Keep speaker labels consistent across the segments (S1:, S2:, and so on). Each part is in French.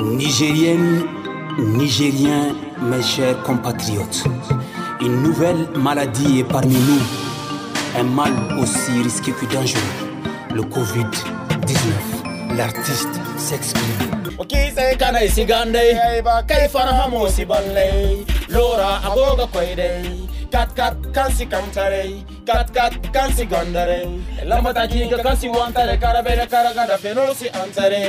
S1: Nigérienne, Nigérien, mes chers compatriotes, une nouvelle maladie est parmi nous, un mal aussi risqué que dangereux, le Covid-19. L'artiste s'exprime. kat kat kan si kam tare kat kat kan si gondare lamba ta jinga kan si wantare kara bere kara gada feno si antare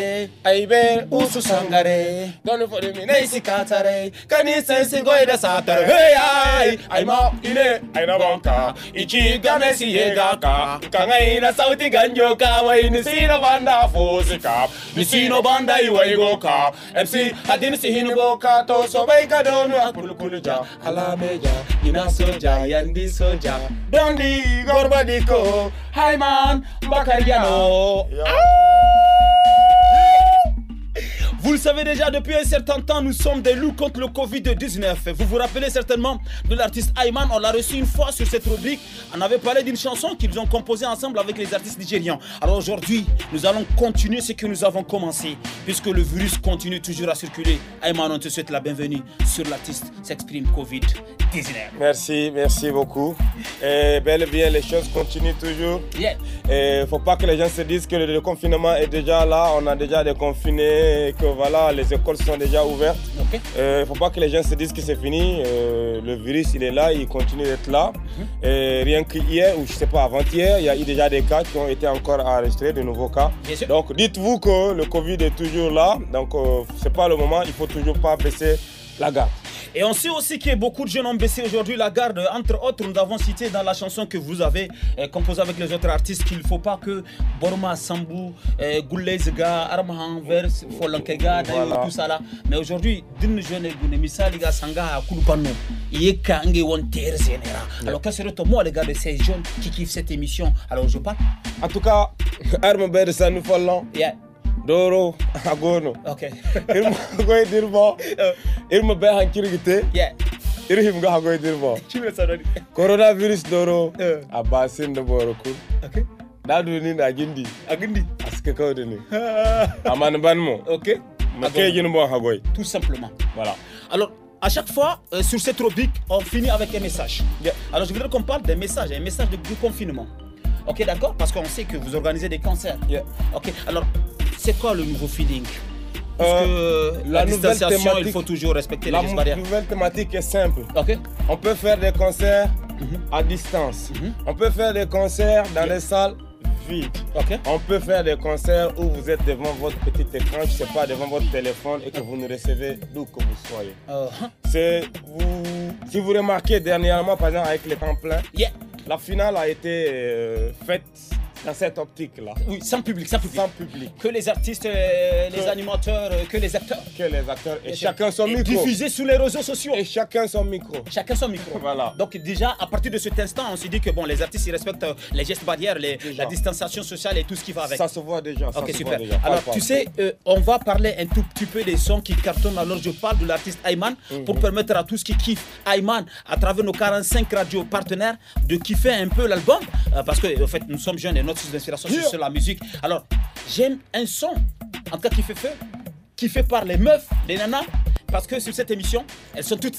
S1: ai ber usu sangare gonu for mi nei si katare kani se si da satare hey ay, ai ma ile ai na bonka ichi game si yega ka kangai na sauti ganjo ka wai ni si na banda fusi ka ni si no banda i wai go ka mc adin si hinu boka to so wai ka donu akul kulja ala ina so soja. Vous le savez déjà, depuis un certain temps, nous sommes des loups contre le Covid-19. Vous vous rappelez certainement de l'artiste Ayman, on l'a reçu une fois sur cette rubrique. On avait parlé d'une chanson qu'ils ont composée ensemble avec les artistes nigérians. Alors aujourd'hui, nous allons continuer ce que nous avons commencé, puisque le virus continue toujours à circuler. Ayman, on te souhaite la bienvenue sur l'artiste S'exprime Covid. Merci, merci beaucoup. Et bel et bien, les choses continuent toujours. Il ne faut pas que les gens se disent que le confinement est déjà là, on a déjà déconfiné, que voilà, les écoles sont déjà ouvertes. Il ne faut pas que les gens se disent que c'est fini. Euh, le virus, il est là, il continue d'être là. Mhm. Et rien qu'hier, ou je sais pas, avant-hier, il y a eu déjà des cas qui ont été encore enregistrés, de nouveaux cas. Donc dites-vous que le Covid est toujours là, donc ce euh, c'est pas le moment, il ne faut toujours pas baisser la garde. Et on sait aussi que beaucoup de jeunes ont baissé aujourd'hui la garde. Entre autres, nous avons cité dans la chanson que vous avez eh, composée avec les autres artistes qu'il ne faut pas que Borma Sambou, eh, Goulezga, Armahan, Vers, Folankega, tout ça là. Mais aujourd'hui, d'une jeune Gounemissa, les gars, Sanga, Kulupano, Yekange, Wonter, Zenera. Alors, quel serait que mot, les gars, de ces jeunes qui kiffent cette émission Alors, je parle. En tout cas, ça nous fait Yeah doro a gono okay irma goy dirbo irma ba han kirigite yeah irhim ga goy dirbo chimira sanani coronavirus doro abasin de da boro kun okay da duni na gindi agindi gindi aska kawde ni aman ban mo okay makay gin bon hagoy tout simplement voilà alors à chaque fois, euh, sur cette rubrique, on finit avec un message. Yeah. Alors, je voudrais qu'on parle des messages, un message de, du confinement. Ok, d'accord Parce qu'on sait que vous organisez des concerts. Yeah. Ok, alors quoi le nouveau feeling euh, la, nouvelle distanciation, il faut toujours respecter les La nouvelle thématique est simple. Ok. On peut faire des concerts mhm. à distance. Mhm. On peut faire des concerts dans les salles Ok. On peut faire des concerts où vous êtes devant votre petit écran, je sais pas, devant votre téléphone et que vous nous recevez d'où que vous soyez. Uh-huh. C'est vous, si vous remarquez dernièrement, par exemple, avec les temps pleins, la finale a été euh, faite dans cette optique-là. Oui, sans public, sans public. public. Que les artistes, euh, les animateurs, euh, que les acteurs. Que les acteurs et, chacun son micro. Diffusé sur les réseaux sociaux. Et chacun son micro. Chacun son micro. voilà. Donc déjà, à partir de cet instant, on se dit que bon, les artistes, ils respectent euh, les gestes barrières, la distanciation sociale et tout ce qui va avec. Ça se voit déjà. ok, super. Alors, tu sais, on va parler un tout petit peu des sons qui cartonnent. Alors, je parle de l'artiste Ayman mhm. pour permettre à tous qui kiffent Ayman à travers nos 45 radios partenaires de kiffer un peu l'album. parce que, en fait, nous sommes jeunes et notre source sur la musique. Alors, j'aime un son, en tout cas qui fait feu, qui fait par les meufs, les nanas, parce que sur cette émission, elles sont toutes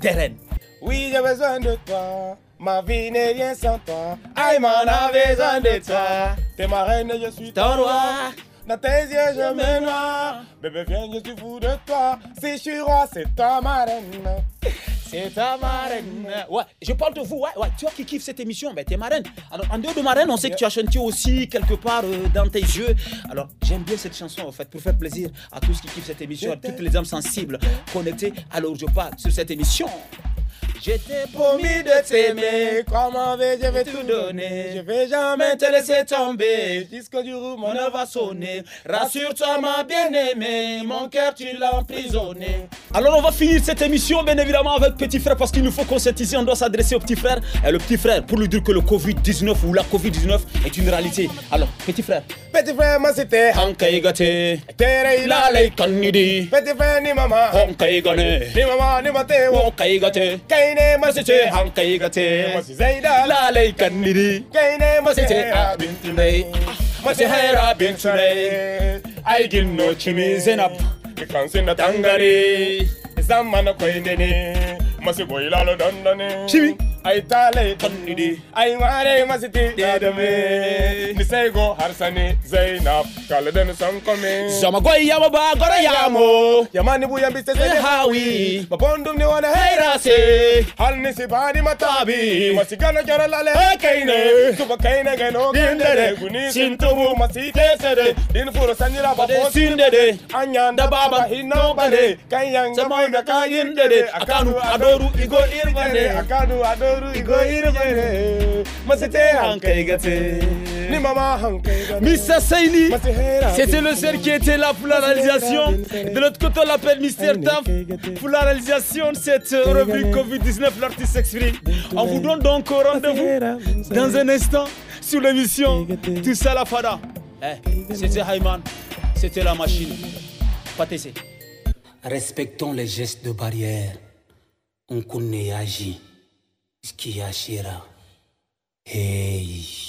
S1: des reines. Oui, j'ai besoin de toi. Ma vie n'est rien sans toi. Aïe, m'en a besoin de toi. T'es ma reine, je suis ton roi. Dans tes yeux, je me noie. Bébé, viens, je suis fou de toi. Si je suis roi, c'est ta c'est ta marraine. je parle de vous. Ouais, ouais. Toi qui kiffe cette émission, ben, t'es marraine. Alors, en dehors de marraine, on sait que tu as chanté aussi quelque part euh, dans tes yeux. Alors, j'aime bien cette chanson, en fait, pour faire plaisir à tous qui kiffent cette émission, à toutes les âmes sensibles connectées. Alors, je parle sur cette émission. Je t'ai promis de t'aimer, comment vais je vais tout donner. Je vais jamais te laisser tomber. Disque du roux, mon heure va sonner. Rassure-toi, ma bien-aimée, mon cœur tu l'as emprisonné. Alors on va finir cette émission, bien évidemment, avec petit frère, parce qu'il nous faut conscientiser, on doit s'adresser au petit frère. Et le petit frère, pour lui dire que le Covid-19 ou la Covid-19 est une réalité. Alors, petit frère. Petit frère, ma c'était. Hankaïgate. Tere Petit frère, ni maman. Ni maman, ni maté. kai ne masu ce hankai ga ce masu zai da lalai kan niri kai ne masu ce abin tunai masu haira abin tunai gin no chimi zinab kan sin da tangare zaman koi ne ne masu boyi lalo dandane ai talai fanni de ai mare masiti dadame mi sai go harsane zainab kaladan san kome zama goy yama ba gora yamo yamani buya bi sai hawi babondum ne wana haira se hal ni sibani matabi masigana jara lale kaine suba kaine gano gendere guni sintubu masite sere din furo sanira babo sindede anyanda baba hinno bale kanyanga moy ga kayindede akanu adoru igo irvane akanu adoru c'était le seul qui était là pour la réalisation de l'autre côté on l'appelle Mister Taf pour la réalisation de cette revue Covid-19 l'artiste s'exprime on vous donne donc rendez-vous dans un instant sur l'émission Tout ça fada eh, c'était Hayman c'était la machine Respectons les gestes de barrière on connaît agit. Skiashira. Hey.